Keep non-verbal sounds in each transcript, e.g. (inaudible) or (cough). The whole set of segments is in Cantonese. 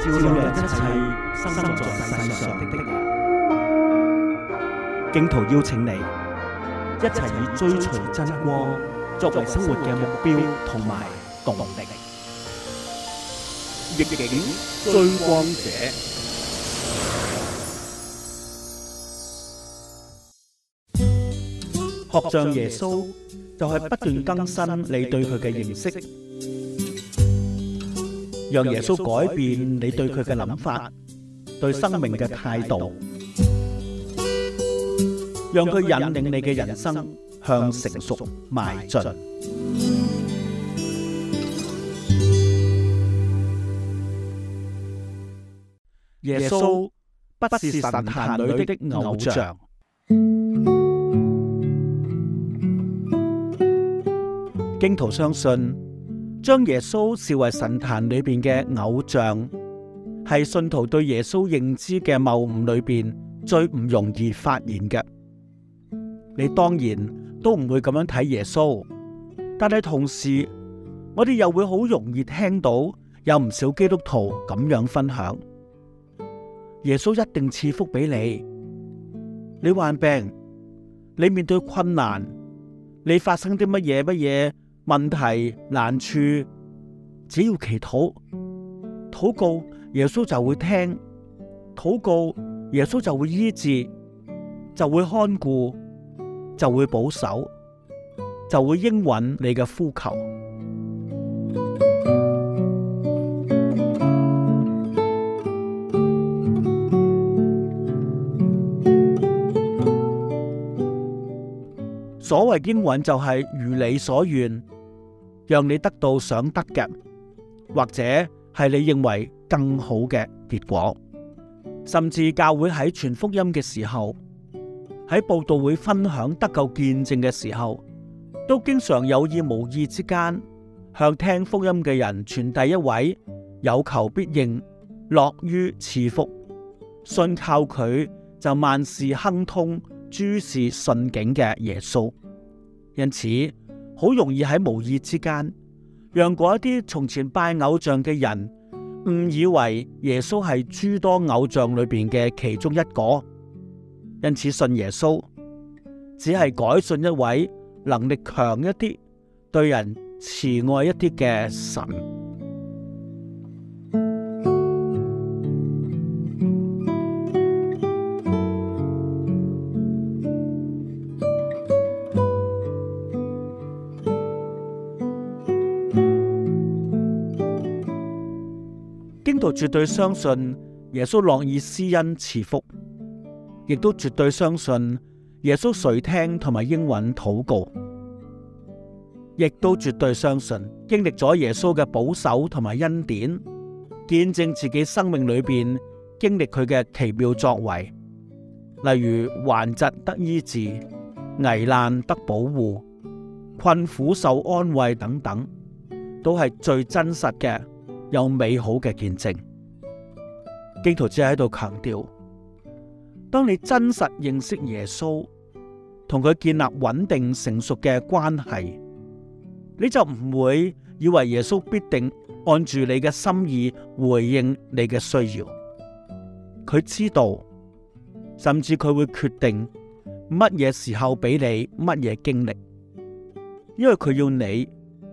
照亮一切生在世上的人，荊徒邀請你一齊以追隨真光作為生活嘅目標同埋動力，逆境追光者，學像耶穌就係不斷更新你對佢嘅認識。讓耶穌改變你對佢嘅諗法，對生命嘅態度，讓佢引領你嘅人生向成熟邁進。耶穌不是神壇裡的偶像，基督徒相信。將耶穌視為神壇裏邊嘅偶像，係信徒對耶穌認知嘅謬誤裏邊最唔容易發現嘅。你當然都唔會咁樣睇耶穌，但係同時，我哋又會好容易聽到有唔少基督徒咁樣分享：耶穌一定賜福俾你，你患病，你面對困難，你發生啲乜嘢乜嘢。問題難處，只要祈禱、禱告，耶穌就會聽；禱告，耶穌就會醫治，就會看顧，就會保守，就會應允你嘅呼求。所謂應允，就係如你所願。讓你得到想得嘅，或者係你認為更好嘅結果，甚至教會喺傳福音嘅時候，喺布道會分享得救見證嘅時候，都經常有意無意之間向聽福音嘅人傳遞一位有求必應、樂於賜福、信靠佢就萬事亨通、諸事順境嘅耶穌。因此。好容易喺無意之間，讓嗰一啲從前拜偶像嘅人，誤以為耶穌係諸多偶像裏邊嘅其中一個，因此信耶穌，只係改信一位能力強一啲、對人慈愛一啲嘅神。我絕對相信耶穌樂意施恩賜福，亦都絕對相信耶穌垂聽同埋應允禱告，亦都絕對相信經歷咗耶穌嘅保守同埋恩典，見證自己生命裏邊經歷佢嘅奇妙作為，例如頑疾得醫治、危難得保護、困苦受安慰等等，都係最真實嘅。有美好嘅見證，基督徒只係喺度強調：當你真實認識耶穌，同佢建立穩定成熟嘅關係，你就唔會以為耶穌必定按住你嘅心意回應你嘅需要。佢知道，甚至佢會決定乜嘢時候俾你乜嘢經歷，因為佢要你。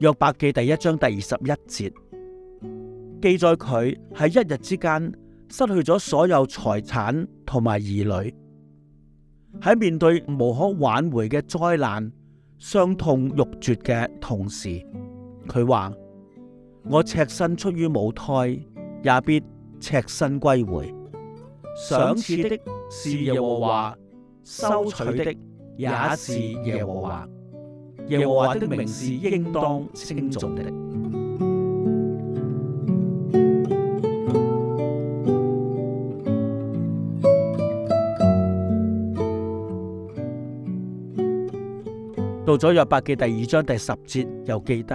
約伯記第一章第二十一節記載，佢喺一日之間失去咗所有財產同埋兒女，喺面對無可挽回嘅災難，傷痛欲絕嘅同時，佢話：我赤身出於母胎，也必赤身歸回。賞賜的，是耶和華；收取的，也是耶和華。耶和華的名是應當稱頌的。 (noise) 到咗約伯記第二章第十節，又記低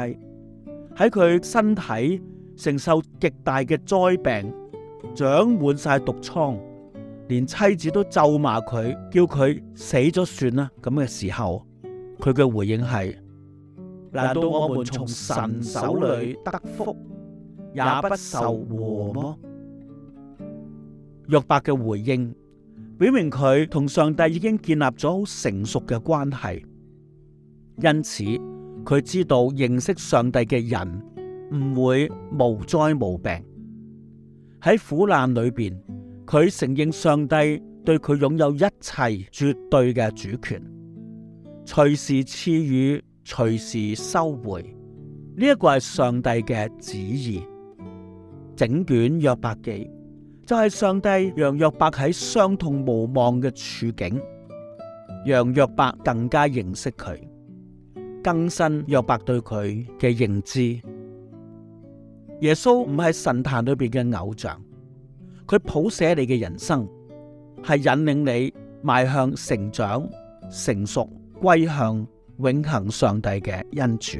喺佢身體承受極大嘅災病，長滿晒毒瘡，連妻子都咒罵佢，叫佢死咗算啦咁嘅時候。佢嘅回應係：難道我們從神手裏得福，也不受禍嗎？約伯嘅回應表明佢同上帝已經建立咗好成熟嘅關係，因此佢知道認識上帝嘅人唔會無災無病。喺苦難裏邊，佢承認上帝對佢擁有一切絕對嘅主權。隨時賜予，隨時收回，呢一個係上帝嘅旨意。整卷約伯記就係上帝讓約伯喺傷痛無望嘅處境，讓約伯更加認識佢，更新約伯對佢嘅認知。耶穌唔係神壇裏邊嘅偶像，佢譜寫你嘅人生，係引領你邁向成長成熟。歸向永恆上帝嘅恩主。